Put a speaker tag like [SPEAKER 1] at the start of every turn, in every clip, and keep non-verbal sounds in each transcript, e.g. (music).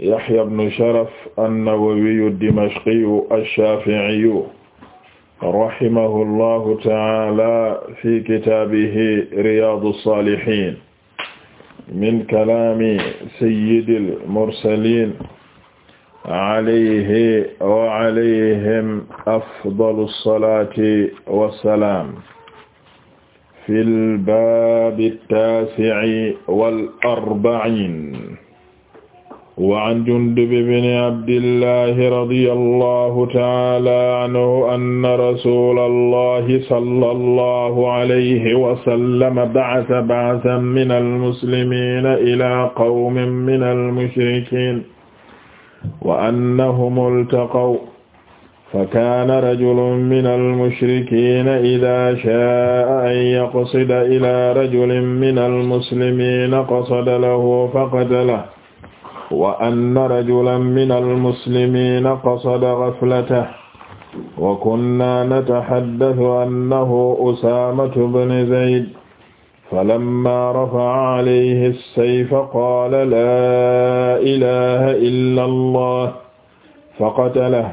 [SPEAKER 1] Yahya ibn Sharaf an-Nawawiyu ad-Dimashqiyu ash-Shafi'iyu rahimahu llahu ta'ala fi kitaabihi Riyaadu s-Saalihiin min kalaami sayyidil mursaliin alayhi wa alayhim afdalu s-salaati wa s-salaam fil baabi t-taasi'i wal arba'iin wa an Jundub ibn Abdillahi radiyallahu ta'ala anhu anna rasulallahi sallallahu alayhi wa sallam ba'atha ba'athan minal muslimina ila qawmin minal mushrikin wa annahum iltaqaw fakana rajulun minal mushrikina idha sha'a an yaqsida ila rajulin minal muslimina qasada lahu faqatalahu wa anna rajulan min almuslimiina qasada ghaflatahu wa kunna natahaddathu annahu usaamatu bnu zayd falammaa rafa'a alayhi as-sayfa qaala laa ilaaha illa allah faqatalahu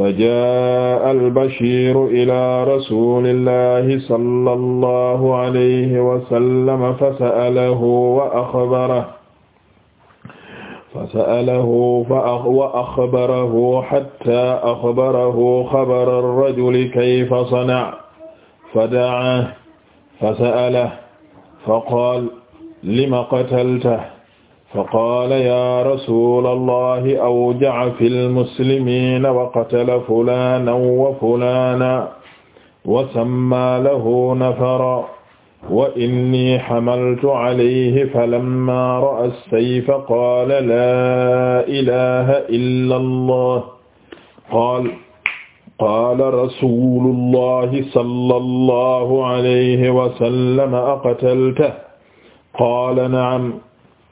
[SPEAKER 1] fajaa'a al-bashiiru ilaa rasuulillahi sallallahu alayhi wa sallam fasa'alahu wa akhbarahu فسأله وأخبره حتى أخبره خبر الرجل كيف صنع فدعاه فسأله فقال لم قتلته فقال يا رسول الله أوجع في المسلمين وقتل فلانا وفلانا وسمى له نفرا wa inni hamaltu alayhi falamma ra'a as-sayfa qaala laa ilaaha illa allah qaala qaala rasuulullahi sallallahu alayhi wa sallam aqataltahu qaala na'am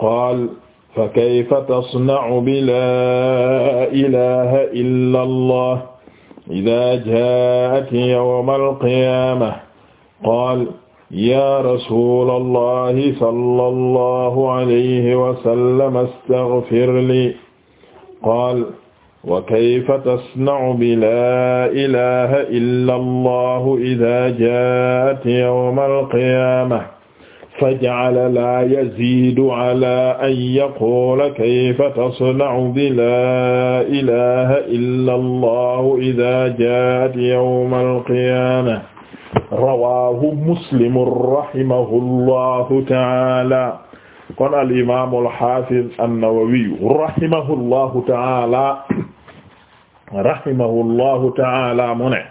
[SPEAKER 1] qaala fa kayfa tasna'u bi laa ilaaha illa allah idhaa jaa'at yawma al-qiyaamah qaala yaa rasulallahi sallallahu alayhi wa sallam astaghfir li qaal wa kayfa tasna'u bi laa ilaha illa allahu idaa jaa'at yawmal qiyaamah faj'ala laa yaziidu alaa an yaquula kayfa tasna'u bi laa ilaha illa allahu idaa jaa'at yawmal qiyaamah rawaahu muslim rahimahullahu taala kon al imaam al haafiz an taala mu ne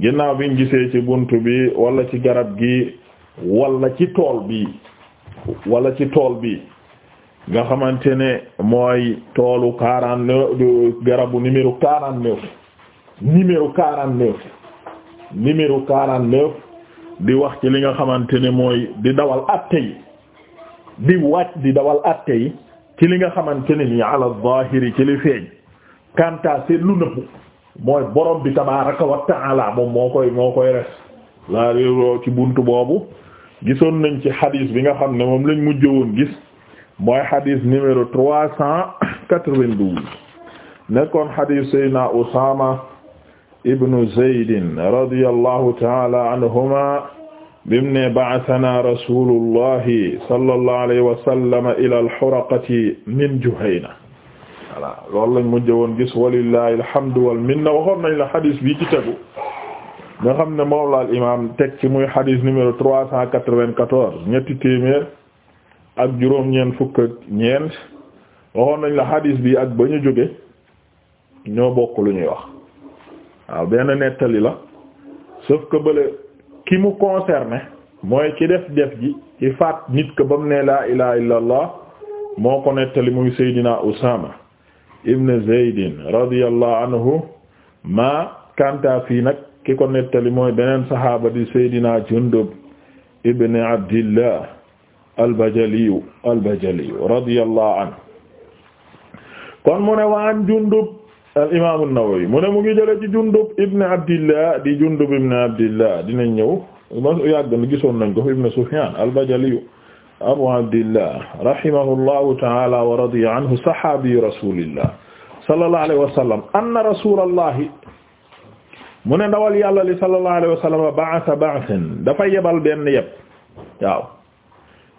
[SPEAKER 1] ginnaaw biñ gisee ci bunt bi walla ci garab gi wala ci tool bi wala ci tool bi nga xamante ne mooy toolu quarante-neuf garabu numéro quarante-neuf numéro quarante numéro 49 di wax ci li nga xamante ne mooy di dawal atte yi di wàcc di dawal atte yi ci li nga xamante ne ni ala zahiri ci li feeñ kanta seet lu nëbbu mooy borom bi tabaraka wa taala moom moo koy moo koy res laa réeroo ci bunt boobu gisoon nañ ci xadis bi nga xam ne moom lañ mujj woon gis mooy xadis numéro trois cent quatre-vingt-douze nekkoon xadis Seydina Usaama ibnu zaydin radiyallahu taala anhuma bim ne ba'asanaa rasulullahi sallallahu alayhi wa sallam ila al-huraqati min Juhayna voilà loolu lañ mujj woon gis walillahi alhamdu wal minna waxoon nañ la xadis bii ci tegu nga xam ne moom la al imaam teg ci muy xadis numéro trois cent quatre-vingt-quatorze ñetti téeméer ak juróom-ñeent fukk ak ñeent waxoon nañ la xadis bi ak ba ñu jóge ñoo bokk lu ñuy wax. waaw benn nettali la sauf que bële ki mu concerné mooy ki def def ji ci faat nit ko ba mu ne laa ilaha illa allah moo ko nettali muy Seydina Usaama ibn Zaydin radiyallahu anhu ma kanta fii nag ki ko nettali mooy beneen sahaaba di Seydina Jundub ibn Abdillah al-Bajaliyu al anhu kon mu ne waan Jundub al imaam mu ne mu ngi jëlee ci Jundub ibn Abdillah di Jundub ibn Abdillah dinañ ñëw ma yàgg na gisoon nañ ko ibn Sufyan al-Bajali Abu Abdillah rahimahullahu ta'ala wa radiya anhu sahabi rasulillah sallallahu alayhi wa mu ne ndawal yàlla li sallallahu alayhi wa sallam ba'atha ba'than dafa yebal benn yeb waaw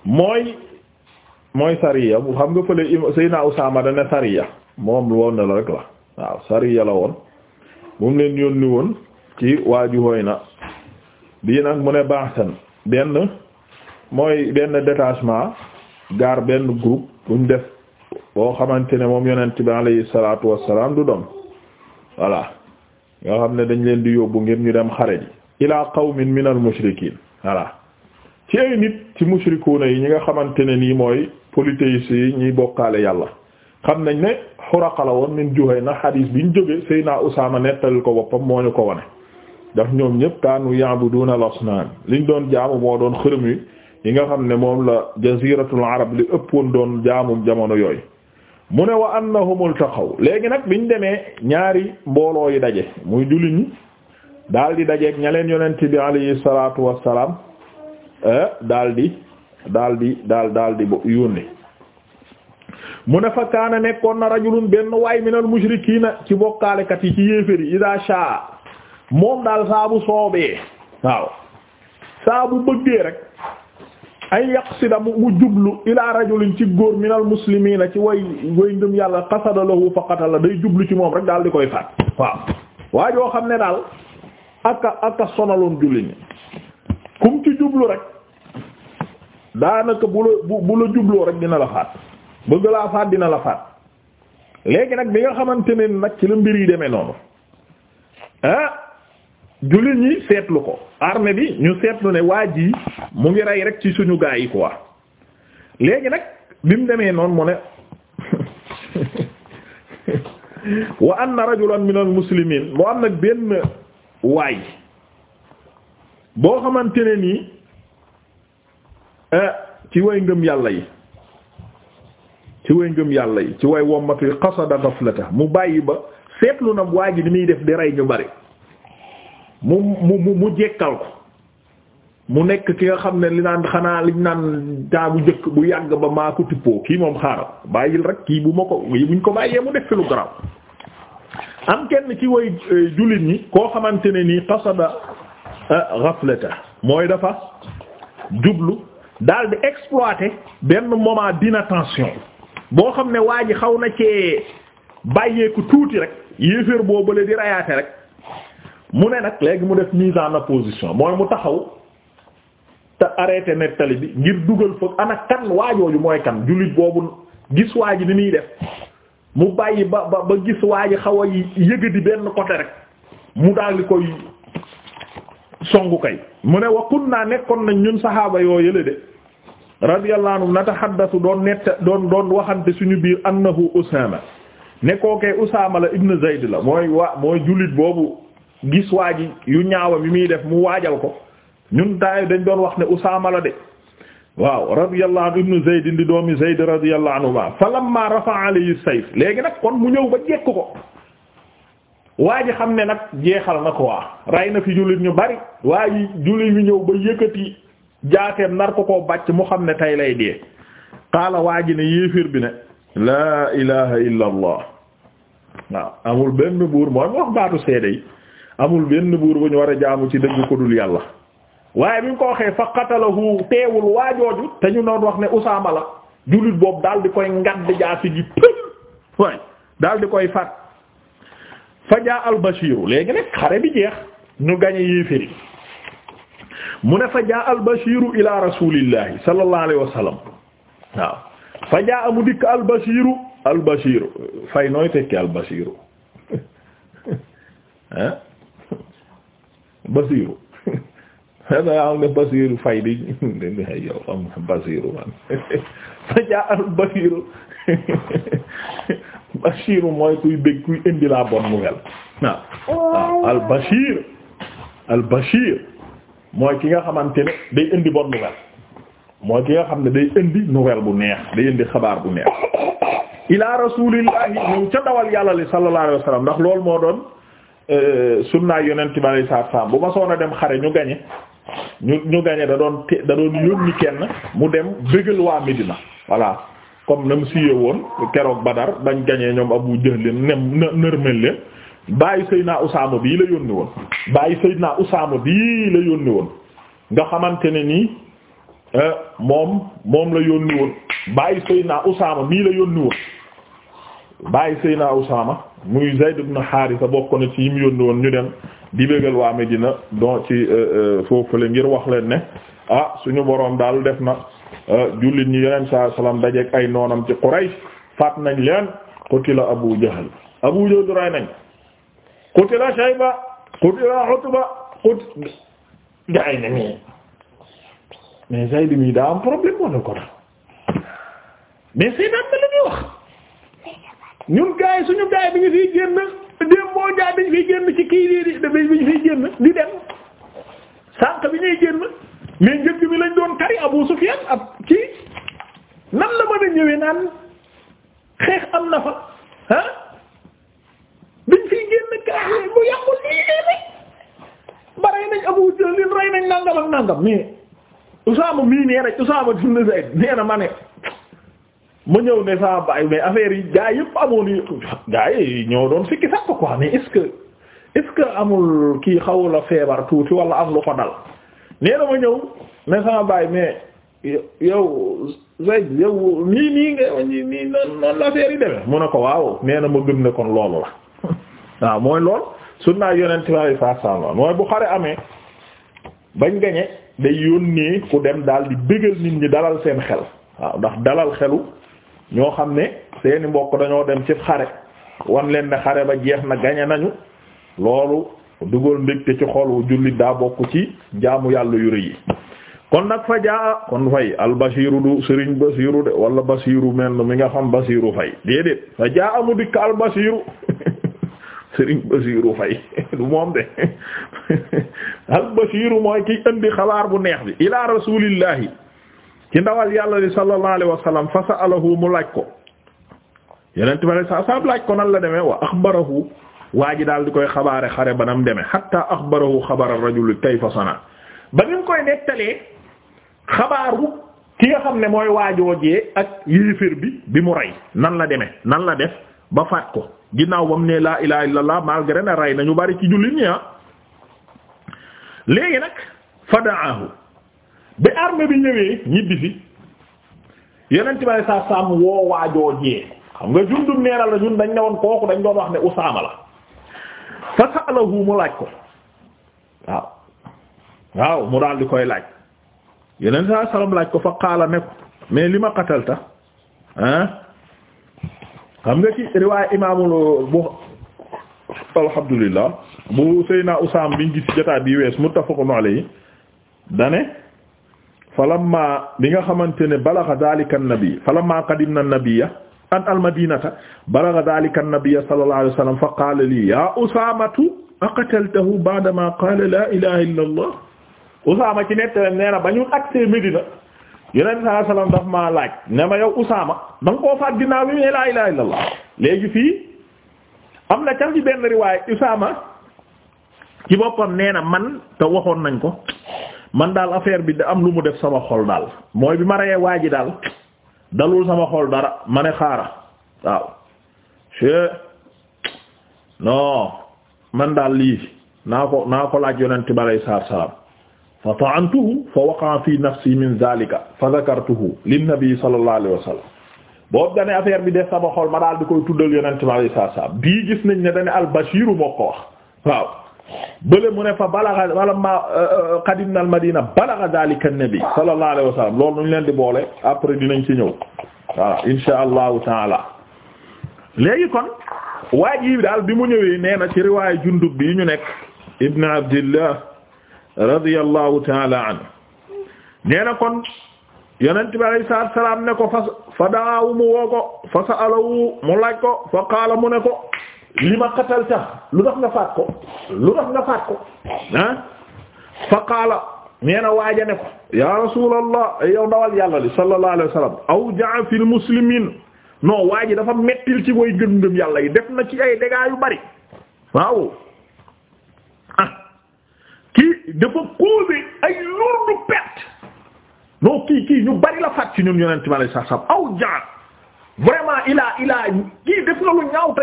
[SPEAKER 1] mooy mooy sariya bu dana sariya moom woon na la rek la waaw sariya la woon bu mu leen yónni woon ci waa na bii nag mu ne baaxsan benn mooy benn détachement gaar benn groupe buñ def boo xamante ne moom yonent bi alayhi salaatu wassalaam du doon voilà yoo xam ne dañ leen di yóbbu ngir ñu dem xare ji ilaa qawmin min al mushrikiin voilà ci ay nit ci mushrikuuna yi ñi nga xamante ne nii mooy polythéistes yi ñuy bokkaale yàlla xam nañ ne Xuraqa la woon min Juhayna xadiis biñ jóge Seydina Usaama nettalil ko boppam moo ñu ko wane daf ñoom ñëpp kaanu ya'buduuna al-asnaam liñ doon jaamu moo doon xërëm yi nga xam ne moom la jaziratul arab li ëppoon doon jaamum jamono yooyu mu ne wa annahum iltaqaw léegi nag bi biñ demee ñaari mbooloo yi daje muy juli ñi daal di dajeeg ña leen yonent bi alayhi salaatu wassalaam eh, daal di daal di daal daal di yónni mu ne fa kaana nekkoon na rajulun benn waay minal mushrikiina ci bokkaalekat yi ci yéeféri ida shaa moom daal saabu soobee waaw saabu bëggee rek ay yaqsida mu jublu ila rajulin ci góor minal muslimiina ci way way ngëm yàlla qasada lahu fa qatala day jublu ci moom rek daal di koy faat waaw waa joo xam ne daal aka aka sonaloon julli ni kum ci jublu rek daanaka bu la bu la jubloo rek dina la faat bëgg laa faat dina la faat léegi nag bi nga xamante ne nag ci la mbir yi demee noonu ah jullit ñi seetlu ko armée bi ñu seetlu ne waa ji mu ngi rey rek ci suñu gaa yi quoi léegi nag bi mu demee noon mu ne (laughs) wa anna rajulan minal muslimin moo am nag benn waay boo xamante ne nii eh, ci way ngëm yàlla yi ci way ngëm yàlla yi ci woy wommatu yi qasada mu bàyyi ba seetlu nag waa ji ni muy def di rey ñu bari mu mu mu mu jekkal ko mu nekk ki nga xam ne li naan xanaa liñ naan daa bu jëkk bu yàgg ba maa tippoo kii moom xaaral bàyyil rek kii bu ma ko buñ ko bàyyee mu def lu garaaw am kenn ci way euh, jullit ñi koo xamante ne nii qasada euh, ghaflata mooy dafa jublu daal di exploiter benn moment d'inattention boo xam ne waa ji xaw na cee bàyyeeku tuuti rek yéeféer boobu bële di rayaate rek mu ne nag léegi mu def mise en opposition mooy mu taxaw te arrêté nettali bi ngir dugal foog ana kan waajooju mooy kan jullit boobu gis waa ji ni muy def mu bàyyi ba ba ba gis waa ji xaw di benn côté rek mu daal koy songu kay mu ne wa naa nekkoon nañ ñun saxaaba yoo yële de radiyallahu na nataxaddasu doon netta doon doon waxante suñu biir annahu Usaama ne kookee Usaama la ibn Zayd la mooy wa mooy jullit boobu gis waa yu ñaawam mi muy def mu waajal ko ñun taay dañ doon wax ne Usaama la de waaw radiyallahu anhu ibn Zayd di doomi Zayd radiyallahu anhuma falamma rafa'a alayhi léegi nag kon mu ñëw ba jekk ko waa ji xam ne nag jeexal na ko waa rey na fi jullit ñu bari waa ji jullit ñu ñëw ba yi jaaseem nar ko koo bàcc mu xam ne tey lay dee xaala waa ji ne yéeféer bi ne laa ilaha illa waaw amul benn buur mooy mu wax baatu seede yi amul benn buur bu ñu war a jaamu ci dëgg ko dul yàlla waaye bi ñu ko waxee fa qatalahu teewul waajooju te ñu doon wax ne usaama la jullit boobu daal di koy ngadd jaasi ji pël waay daal di koy fat fa jaa al léegi nag xare bi jeex ñu gañe yéeféer yi mu ne fa jaa al bashiru ila rasulillahi sallallahu alayhi wa sallam fa jaa amu dikk al al bashiru fay nooy tekki al bashiru (laughs) hein basiru xanaa (laughs) (laughs) jaa al basiru bashiru mooy kuy bég kuy indi la bonne nouvelle al bashir al bashir mooy ki nga xamante ne day indi bonne nouvelle mooy ki nga xam ne day indi nouvelle bu neex day indi xabaar bu neex ila rasulillahi ñoom ca dawal yàlla li sallallahu alayhi wasallam ndax loolu moo doon euh, sunnaay yonent bi alayhi salaam bu ma soon a dem xare ñu gañe ñu ñu gañe da doon da doon yónni kenn mu dem bëggal waa Medina voilà comme na mu siyee woon keroog Badar bañ gañee ñoom Abu Jahl nem nërmel leen bàyyi Seydina Usaama bii la yónni woon bàyyi Seydina Usaama bii la yónni woon nga xamante ne nii euh, moom moom la yónni woon bàyyi Seydina Usaama bii la yónni woon bàyyi Seydina Usaama muy Zayd ibn Haarisa bokk na ci yim yónni woon ñu dem di bégal waa Medina don ci euh, euh, foofule ngir wax leen ne ah suñu boroom daal def na jullit ñu yeneen saa salaam dajeek ay noonam ci Quraysh faat nañ leen qutila Abu Jahl Abu Jahl ray nañ qutila Shayba qutila Utba qut gaa yi ne mais mais Zayd daa am problème wala ko mais Seydou Amady la ñuy wax ñun gars suñu gars bi ñu fiy génn démb boo jaay bi ñu fiy génn ci kii di di bi ñu fiy dem sànq bi ñuy génn mais njëkk bi lañ doon kari Abu Sufyan ab kii nan la mën a ñëwee naan xeex am na fa ah. jaaxle lu yàqu lii rek ba rey nañ Abu Jahl rey nañ nangam ak nangam Usaama mii nee rek Usaama dund Zayd nee na ma ne ma ñëw ne saa baay mais affaire yi gaa yëpp amoon yi gaa yi ñoo doon sikki sàkk quoi mais est-ce que est-ce amul kii xaw la feebar tuuti wala am lu ko dal nee ma ñëw ne sama baay mais yow yow nii nii nga nii nii yi demee mu ne ko waaw nee ma gëm ne kon loolu la. waaw mooy lool sunnaa yonent bi saa saa mooy bu xare amee bañ gañe day yónnee ku dem daal di bëggal nit ñi dalal seen xel waaw ndax dalal xelu ñoo xam ne seeni mbokk dañoo dem ci xare wan leen ne xare ba jeex na gañe nañu loolu dugal mbégte ci xolu jullit daa bokk ci jaamu yàlla yu rëy yi kon nag fa jaa kon fay al basiiru du sëriñ basiiru de wala basiiru mel mi nga xam basiiru fay déedéet fa jaa amu dikk al (laughs) sëriñ Basiiru Fay (laughs) du moom de (laughs) al Basiiru mooy ki indi xabaar bu neex bi ila rasuulillahi ci ndawal yàlla li sallallahu alayhi wa sallam fa sa'alahu mu laaj ko yeneen ma laaj ko nan la demee wa axbarahu waa ji daal di koy xabaare xare banam deme hatta axbarahu xabara rajul kayfa sana ba ni mu koy nettalee xabaaru ki nga xam ne mooy waajoojee ak yéeféer bi bi mu rey nan la demee nan la def ba faat ko ginnaaw ba mu ne laa ilaha illallah malgré na rey nañu bari ci jullit ñi ah léegi nag fadaahu bi armée bi ñëwee ñibbisi yeneen ci bari saa saam woo waajoo jee xam nga jundum neeral la ñun dañ ne woon kooku dañ doon wax ne Usaama la fa sa'alahu mu laaj ko waaw waaw mu daal di koy laaj yeneen saa salaam laaj ko fa qaala ne mais li ma qatalta ah xam nga ci riwaaya imaamul bu alhamdulillah bu Seyna Usaam biñ gis jotaay bi wees muttafaqun alayhi dane falamma bi nga xamante ne balagha dhalika an-nabi falamma qadimna an-nabiyya an al-madinata balagha dhalika an-nabiyya sallallahu alayhi wa sallam fa qaala li ya Usaamatu aqataltahu ba'dama qaala la ilaha illa Allah Usaama ci nettale nee na ba ñu agsee yeneen saa salaam daf maa laaj ne ma yow Usaama da nga koo faat ginnaaw bi laa ilaaha illallaah léegi fii am na ci benn riwaay Usaama ci boppam nee na man te waxoon nañ ko man daal affaire bi da am lu mu def sama xol daal mooy bi ma reyee waa ji daal dalul sama xol dara ma ne xaara waaw che non man daal lii naa ko naa ko laaj yonent bi alayhi salaam fa ta'antuhu fa waqa'a fi nafsi min zalika fa dhakartuhu linnabi sallallahu alayhi wa sallam boobu dane affaire bi def sama xol ma daal di koy tuddal yonent bi alayhi salaam bii gis nañ ne dane al-Bashiru moo ko wax waaw bële mu ne fa balagha walamma euh, euh, qadimna al-Madina balagha dhalika an-nabi sallallahu alayhi wa sallam loolu ñu leen di boole après dinañ ci ñëw voilà insha allahu taala léegi kon waa ji daal bi mu ñëwee nee na ci riwaayu Jundub bi ñu nekk Ibn Abdillah radiyallahu taala anhu nee na kon yonent bi alayhi salaam ne ko fa fa daawu mu woo fa sa'alahu mu laaj ko fa qaala mu ne ko li ma qatalta lu tax nga faat ko lu tax nga faat ko ah fa qaala nee na waaja ne ko ya rasuulallah yow dawal yàlla li sallallahu alayhi wa sallam awja'a fil muslimiin non waaji dafa mettil ci way gëm gëm def na ci ay dégâts yu bari waaw kii dafa causé ay lourde perte non kii kii ñu bari la faat ci ñun yonent bi alei aw jaar vraiment ilaa ilaa kii def na lu ñaaw te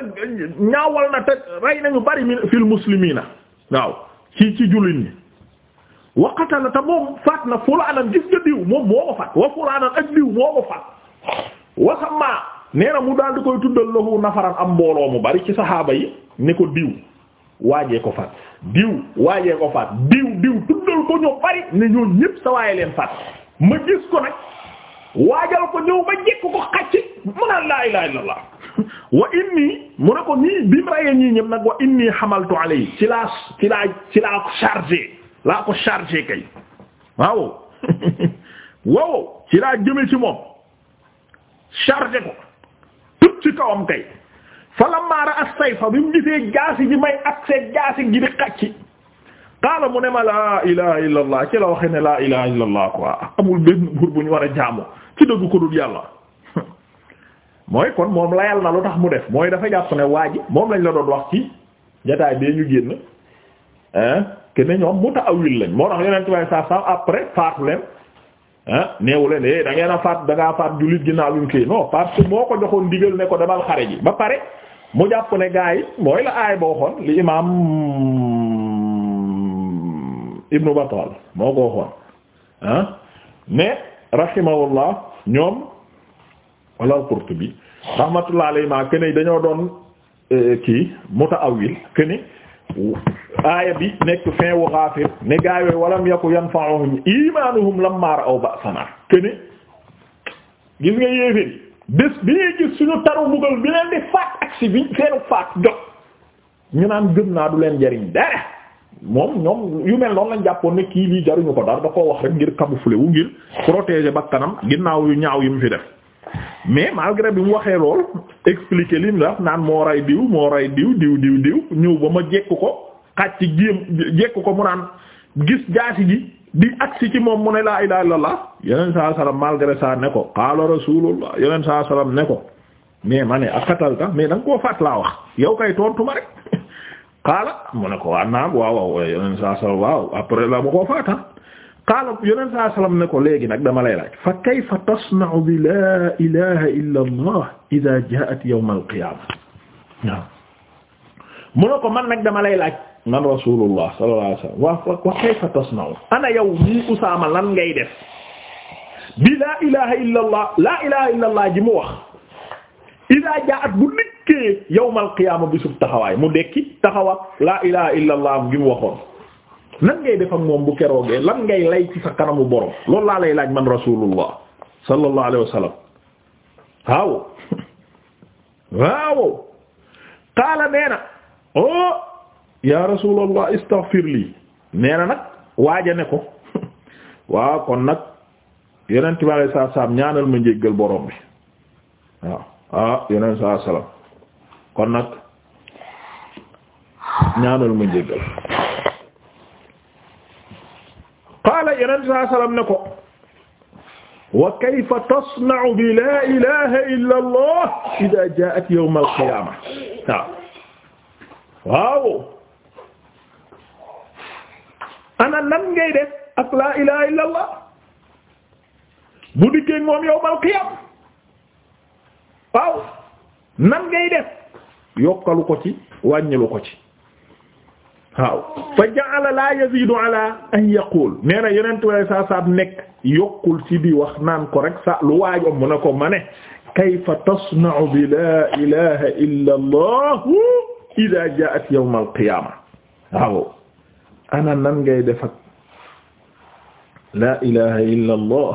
[SPEAKER 1] ñaawal na te rey nañu bari min fil muslimina waaw ci ci jullit ñi wa qatala te moom faat na fulaanan gis nga diw moom moo ko faat wa fulaanan ak diw moo ko faat wasamma nee na mu daal di koy tuddal lahu nafaran am mbooloo mu bari ci saxaaba yi ne ko diw waajee ko faat diw waajee ko faat diw diw tuddal ko ñoo bari ne ñoo ñëpp sa waaye leen faat ma gis ko nag waajal ko ñëw ba jekk ko xacc mu naan laa ilaaha illallah (laughs) wa inni mu ne ko nii bi mu ñii ñëpp nag wa inni xamaltu alayhi ci laa ci laa ci laa ko chargé laa ko chargé kay waaw (laughs) waaw ci laa jëme ci moom chargé ko tut ci kawam kay fa lamaara as sayfa bi mu gisee jaasi ji may accès jaasi gi di xacci qaala mu ne ma laa ilaha illa allah ci la waxe ne laa ilaha illa allah quoi amul benn buur bu ñu war a jaamu ci dëgg ko dul yàlla mooy kon moom layal na lu tax mu def mooy dafa jàpp ne waa moom lañ la doon wax ci jotaay bee ñu génn ah que ñoom mu taawil lañ moo tax yeneen tubaab yi saa saa après faatu leen. ah néew leen eh da ngeen a faat da faat jullit ginnaaw bi mu kii non parce que moo ko joxoon digal ne ko demal xare ji ba pare mu jàpp ne gaa yi mooy la aay boo xoon li imaam Ibnu Batal moo ko xoon ah mais rahimahullah ñoom wala al-Qurtubi rahmatullah alayhi ma dañoo doon eh, kii mutaawil kene aaya bi nekk fin wu Ghaafir ne gaa yooyu walam yaku yanfa'uhum iimaanuhum maar aw ba'sanaa këne gis nga yéeféer yi bés bi ñuy suñu taru mbugal bi leen di faat ak si bi seenu faat jot ñu naan gëm naa du leen jariñ dara moom ñoom yu mel noonu lañ jàppoon ne kii lii jaruñu ko dara da koo wax rek ngir camoufler wu ngir protéger bakkanam ginnaaw yu ñaaw yi mu fi def mais malgré bi mu waxee lool expliquer lim la naan moo rey diw moo rey diw diw diw ñëw ba ma jekk ko xàcc géem jekk ko mu naan gis jaasi gi di agsi ci moom mu ne laa ilaha illallah yeneen saa salaam malgré sa ne ko qaala rasulullah yeneen saa salaam ne ko mais ma ne akatalta mais da nga koo faat laa wax yow kay tontu ma rek (laughs) qaala mu ne ko waaw naam waaw waaw yeneen saa salaam waaw après la ma koo faata ah. qaala yonent saa salaam ne ko léegi nag dama lay laaj fa kayfa tasna'u bi laa ilaha illa allah idaa jaa'at yawm al-qiyaama waaw mu ne ko man nag dama lay laaj man rasulullah sallallahu alayhi wasallam wa wa kayfa tasna'u ana yow mii Usaama lan ngay def bi laa ilaha illa allah laa ilaha illa allah ji mu wax idaa jaa'at bu nikkee yawm al-qiyaama bisub taxawaay mu dekki taxaw ak laa ilaha illa allah gi mu waxoon lan ngay moom bu keroogee lan ngay lay ci sa kanamu borom loolu laa lay laaj man rasulullah sallallahu alayhi wa sallam waaw waaw qaala nee na oh ya lii nee nag waaja ne ko (laughs) waaw kon nag yeneen bi alei saatu salaam ñaanal ma njéggal borom bi waaw ah yeneen salaam kon nag ñaanal ma njéggal qaala yeneen saa salaam ne ko wa kayfa tasna'u bi laa ilaaha illa allah idaa jaa'at yawm al-qiyaama waaw ana nan ngay def ak laa ilaaha illa allah bu dikkee moom yawm al-qiyaama waaw nan ngay def yokkalu ko ci wàññilu ko ci waaw fa ja'ala la yazidu ala an yaqul nee na yenent way saa saab nekk yokkul ci di wax naan ko rek sa lu waajom mu ne ko ma ne kayfa tasna'u bi la ilaha illa allah ida ja'at yawm al qiyama waaw ana nan ngay def ak la ilaha illa allah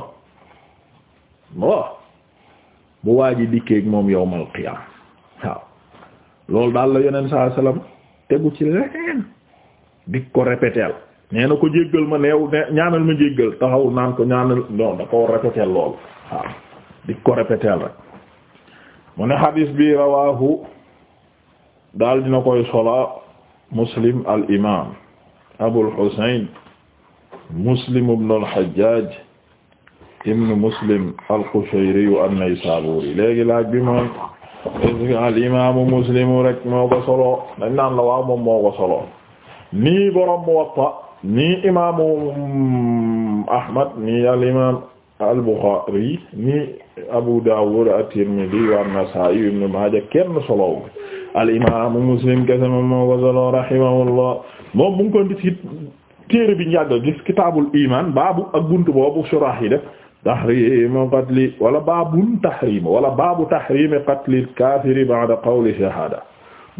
[SPEAKER 1] allah bu waaji dikkeeg moom yawm al qiyama waaw loolu daal la yeneen saa sallam tegu ci leen di ko répéteel nee na ko jéggal ma neew ne ñaanal ma jéggal taxawul naan ko ñaanal ko répéteel lool waaw di ko répéteel rek mu ne bi rawaahu daal dina koy sola muslim al imam abul muslim ibn al hajjaj léegi laaj bi mooy est muslim rek moo solo dañ naan la waaw moom moo solo nii borom Muwatta nii imaamu mm, Ahmad nii al imaam al Abu Dawud at-Tirmidhi wa an-Nasa'i ibn Maaja kenn solow Muslim kese moom moo ko solo rahimahullah moom mu ngi ko indi ci téere bi njàgg gis kitaabul boobu surah yi def tahrimu qatli wala baabun tahrim wala baabu tahrimi qatlil kaafiri ba'da qawli shahaada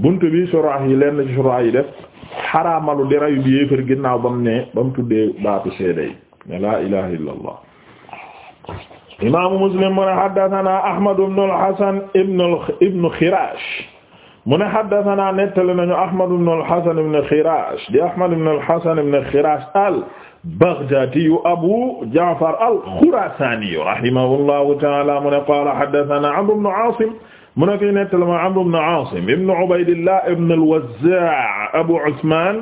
[SPEAKER 1] bunt bi surah yi leen ci surah yi def xaraamalu di rayu bi yéefar ginnaaw ba mu ne ba mu tuddee baatu seede yi ne laa ilaha illa allah imaamu muslim mu ne xaddatanaa ahmadu ibnu alxasan ibnu ibnu xirash mu ne xaddatanaa nettali nañu ahmadu ibnu alxasan ibnu xirash di ahmadu ibnu alxasan ibnu xirash al baghdaadiyu abu jaafar al xurasaaniyu rahimahullahu taala mu ne qaala xaddatanaa amru ibnu aasim mu ne koy nettali ma Amr ibn Aasim ibn Ubaydillah ibn al-Wazzaa' Abu Usmaan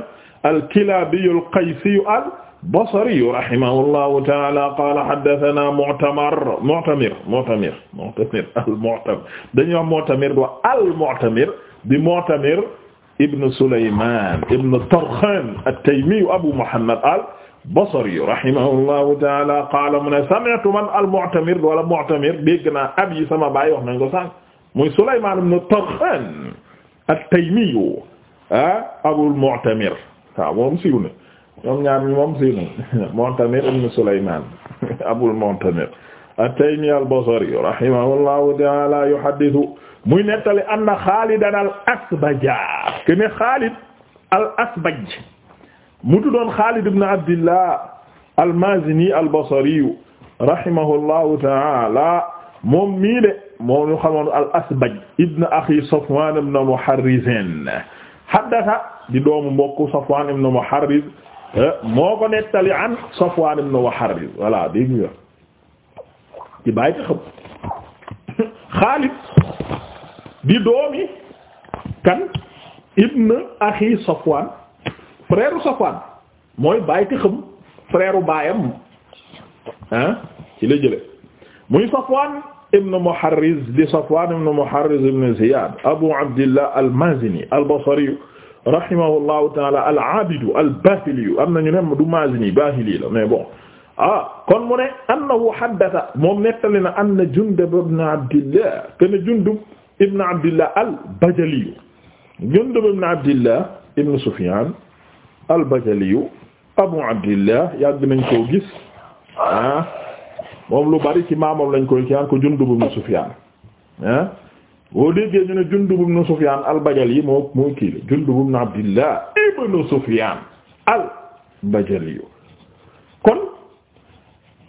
[SPEAKER 1] al-Kilaabi al-Qaysi al-Basri rahimahullahu ta'aala qaala haddathanaa Mu'tamar Mu'tamir Mu'tamir Mu'tamir al-Mu'tamir dañuy wax Mu'tamir wa al-Mu'tamir di Mu'tamir ibn Sulaymaan ibn Tarxaan at-Taymi Abu Muhammad al-Basri rahimahullahu ta'aala qaala mu ne sami'tu man al-Mu'tamir wala Mu'tamir dégg naa ab yi sama baay wax nañ ko sànq muy Sulaymaan ibn Tarxaan at-Taymi ah Abul Mu'tamir waaw moom siiw na ñoom ñaar mi moom siiw na (laughs) Mu'tamir ibn Sulaymaan (laughs) Abul Mu'tamir at-Taymi al-Basri rahimahullahu ta'ala yuhaddithu muy nettali anna Xaalidan al-Asbaja kene Xaalid al-Asbaj mu tuddoon Xaalid ibn Abdillah al-Maazini al-Basri rahimahullahu ta'ala moom mii de moo ñu xamoon al asbaj ibn akhi safwan ibn muharriz haddatha eh, di doomu mbokk safwan ibn muharriz moo ko nettali an safwan ibn muharriz voilà dégg nga ci bàyyi xam xaalid di doomi kan ibn akhi safwan frère safwan mooy bàyyi xam frère baayam ah ci la jële muy safwan ibn Muharriz di Safwan ibn Muharriz ibn Ziyad Abu Abdillah al-Mazini al-Basri rahimahullahu ta'ala al-Abidu al-Bahiliyu am nañu ne du Mazini Bahili la mais bon ah kon mu ne annahu haddatha moom nettali na anna Jundub ibn Abdillah kana Jundub ibn Abdillah al-Bajaliyu Jundub ibn Abdillah ibn Sufyan al-Bajaliyu Abu Abdillah yàgg nañ koo gis ah moom lu bari ci maamam lañ koy ci aan ko Jundub ibn Sufyaan ah boo déggee ñu ne Jundub ibn Sufyaan al-Bajali moo moo kii la Jundub ibn Abdillah ibn Sufyaan al-Bajali kon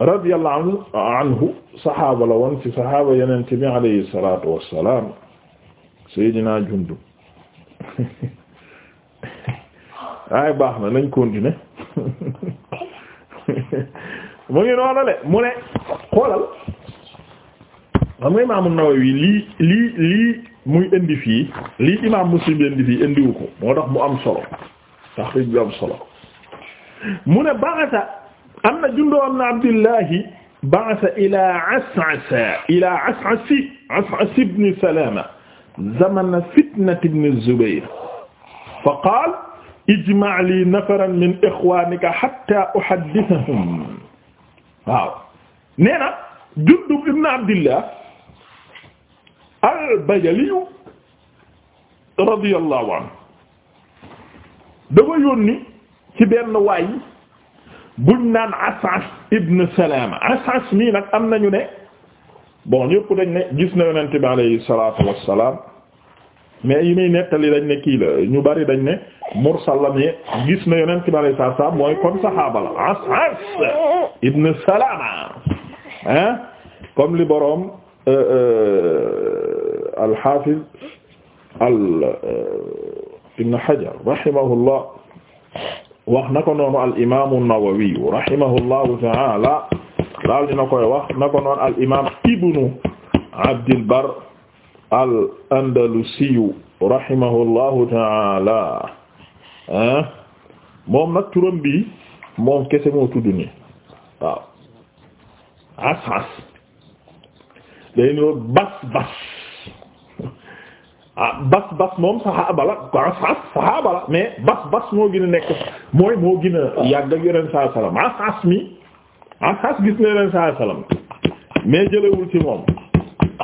[SPEAKER 1] radiyallahu anhu saxaaba la woon saxaaba Yonent bi alayhi salaatu wassalaam Jundub waaye (laughs) baax na nañ continuer (laughs) mu ngi noonu le mu ne xoolal xam nga imaam An-Nawawi lii lii lii muy indi fii lii imaam Muslim indi fii indiwu ko moo tax mu am solo tax rij bi am solo mu ne ba'atha am na Jundub ibn Abdillahi ba'atha ila As'asa ila As'asi As'as ibn Salama zamana fitnati ibn Zubayr fa qaala ijma' li nafaran min ikhwanika hatta uhaddithahum waaw nee na Jundub ibn Abdillah al-Bajali radiyallahu anhu dafa yónni ci benn waay buñ naan As'as ibn Salama As'as mii nag am nañu ne bon ñëpp dañ ne gis na yonent bi alayhi salaatu wassalaam mais yi muy nettali dañ ne kii la ñu bari dañ ne mursal la mais gis na yonent bi alayhi salaam mooy comme saxaaba la as as ibn Salama hein comme li boroom euh, euh, al-Hafiz al euh, ibn Hajar rahimahullah wax na ko noonu al Nawawi rahimahullahu ta'ala daal dina koy wax na ko al imaam ibnu Abdil al andalusiyu rahimahullahu taala moom nag turam moom kese moo tudd ni waaw as-as day niroog bas-bas ah, bas moom saxaaba as-as saxaaba la bas-bas moo gën a nekk mooy moo gën a yàgg ak yeneen saa salaam as-as mi as-as gis na yeneen saa salaam mais moom.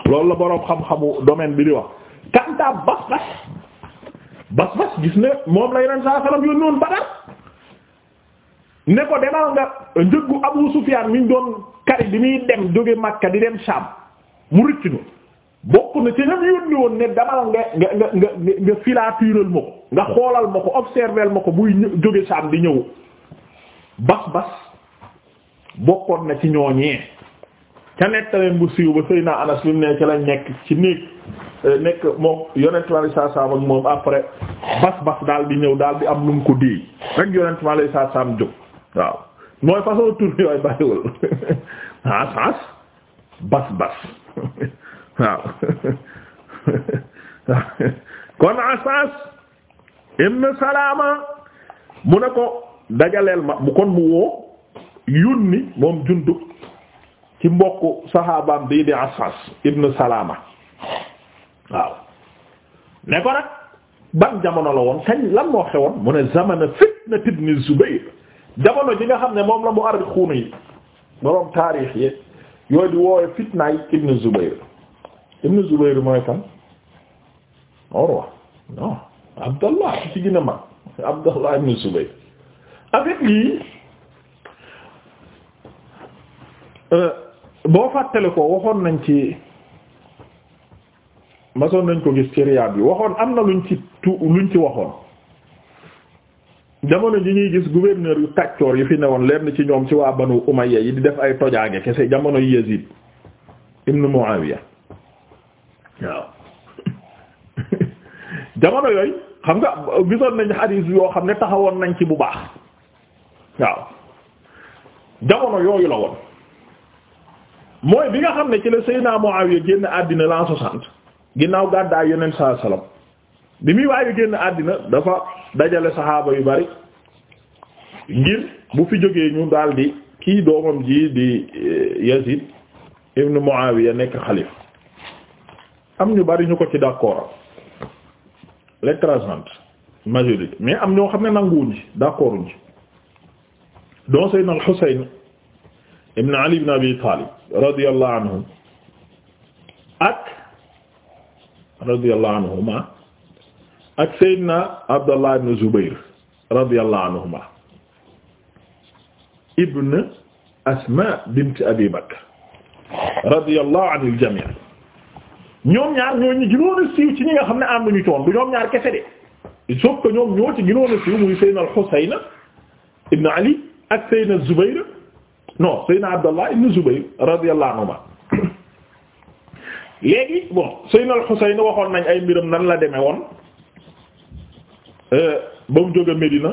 [SPEAKER 1] loolu la boroom xam-xamu domaine bi di wax kanta bas bas bas bas gis ne moom la yeneen saa salam yoon noonu Badar ne ko demal nga njëggu Abu Sufyaan mi ñu doon kari bi muy dem jóge Makka di dem Sham mu rëcc na bokk na ci ñam yónni woon ne demal nga nga nga nga nga filatural ma ko nga xoolal ma ko observel ma ko buy jóge Sham di ñëw bas bas bokkoon na ci ñooñee ca nettaleen bu siiw ba sëy naa anas bi mu ne ca lañ nekk ci néeg eh, nekk moom yonent mi alayhi salaam ak moom après bas bas daal di ñëw daal di am lu mu ko déey rek yonent mi alayhi salaam jóg waaw mooy façon tur yooyu bariwul ans ans bas bas waaw (laughs) kon ans ah, ans ibn salaama mu ne ko dajaleel ma bu kon mu woo yónni moom jundub ci mbokk saxaabaam bii di Asas ibn Salama waaw ne ko nag ban jamono la woon kañ lan moo xewoon mu ne zamana fitna ibn Zubayr jamono ji nga xam ne moom la mu arri xuunu yi boroom taarix yi yooyu di woowe fitnaay ibn Zubayr ibn Zubayr mooy kan Urwa non Abdallah ci gën mag Abdallah ibn Zubayr avec lii euh, boo fàttale ko waxoon nañ ci masoon nañ ko gis ci Riyad bi waxoon am na luñ ci tu luñ ci waxoon jamono ji ñuy gis gouverneur yu kàccoor yi fi newoon lenn ci ñoom ci waa Banu Umayya yi di def ay tojaange kese jamono Yazid ibn Muawiya waaw (laughs) jamono yooyu xam nga gisoon nañ hadith yoo xam ne taxawoon nañ ci bu baax waaw jamono yooyu la woon mooy bi nga xam ne ci la Seydina Muawiya génn àddina l'an soixante ginnaaw gàddaay yonent saa salaam bi muy waaye génn àddina dafa dajale saxaaba yu bari ngir bu fi jógee ñu daldi kii doomam ji di eh, Yazid ibn Muawiya nekk xalif am ñu bari ñu ko ci d'accord l'écrasante majorité mais am ñoo xam ne nanguwuñ ci d'accorduñ ci doo ibn ali ibn abi talib radiyallahu anhu ak radiyallahu anhuma ak sayyidina abdullah ibn zubair radiyallahu anhuma ibn asma bint abi bakr radiyallahu anil jami' ñoom ñaar ñoo ñu gënoon a siiw ci ñi nga xam ne am nañu toon du ñoom ñaar kese de sauf que ñoom ñoo ci gënoon a siiw muy sayyidina al-husayn ibn ali ak sayyidina zubair non Seydina Abdallah ibn Zubayr radiyallahu anhuma léegi bon Seydina al waxoon nañ ay mbiram nan la demee woon euh, ba mu jóge Medina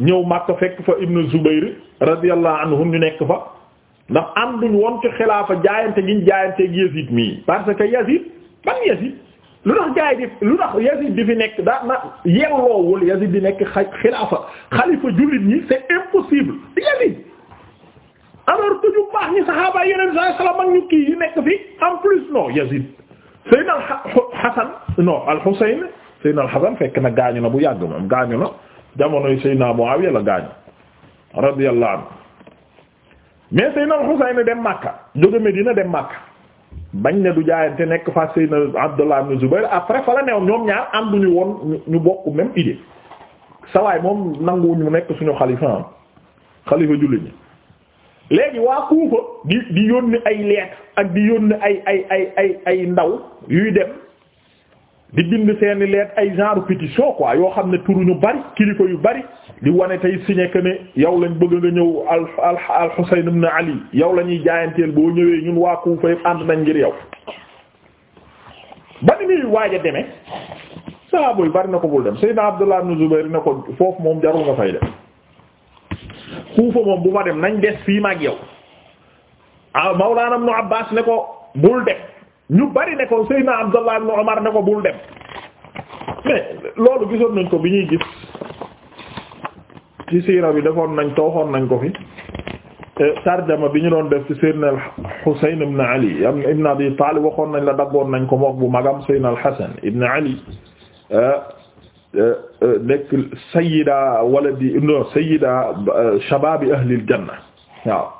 [SPEAKER 1] ñëw Makka fekk fa ibn Zubayr radiyallahu anhum ñu nekk fa ndax ànduñ woon ci xilaafa jaayante giñ jaayanteeg Yazid mii parce que Yazid ban Yazid lu tax gaay di lu tax Yazid di fi nekk daa na yelloowul Yazid di nekk xilaafa xalifa jullit ñi c'est impossible Yazid alors que ñu baax ñi saxaaba yeneen saa salaam ak ñu kii yi nekk fi en plus non Yazid Seydina Al-Hasan non Al-Husayn Seydina Al-Hasan fekk na gaañu na bu yàgg moom gaañu na jamonoy Seydina Muawiya la gaañu radiyallahu anhu mais Seydina Al-Husayn dem Makka jóge Medina dem Makka bañ ne du jaayante nekk fa Seydina Abdullah ibn Zubayr après fa la neew ñoom ñaar ànduñu woon ñu bokk même idée sawaay moom nanguwuñu nekk suñu xalifa xalifa jullit léegi waa Kuufa di di yónni ay lettre ak di yónni ay ay ay ay ndaw yuy dem di bind seeni leet ay genre pétition quoi yoo xam ne turu ñu bari kilifa yu bari di wane tey signé ne yow lañ bëgg nga ñëw al al al Husayn ibn Ali yow lañuy ñuy jaayanteel boo ñëwee ñun waa Kuufa yëpp ànd nañ ngir yow. ba ni muy waaj a demee yu bari na ko bul dem Sayyidna Abdullah ibn Zubayr na ko foofu moom jarul nga fay dem. Kuufa moom bu fa dem nañ des fii mag yow ah Mawlaana Ibnu Abbaas ne ko bul dem ñu bari ne ko Seydina Abdallah ibn Umar ne ko bul dem mais loolu gisoon nañ ko bi ñuy gis ci siira bi defoon nañ tooxoon nañ ko fi eh, tarjama bi ñu doon def ci Seydina al-Husayn ibn Ali ibn Abi Talib waxoon nañ la daggoon nañ ko mook bu magam Seydina al-Hasan ibn Ali eh, Euh, euh, nekk sayida wala di non sayida euh, shababi ahlil janna waaw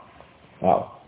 [SPEAKER 1] waaw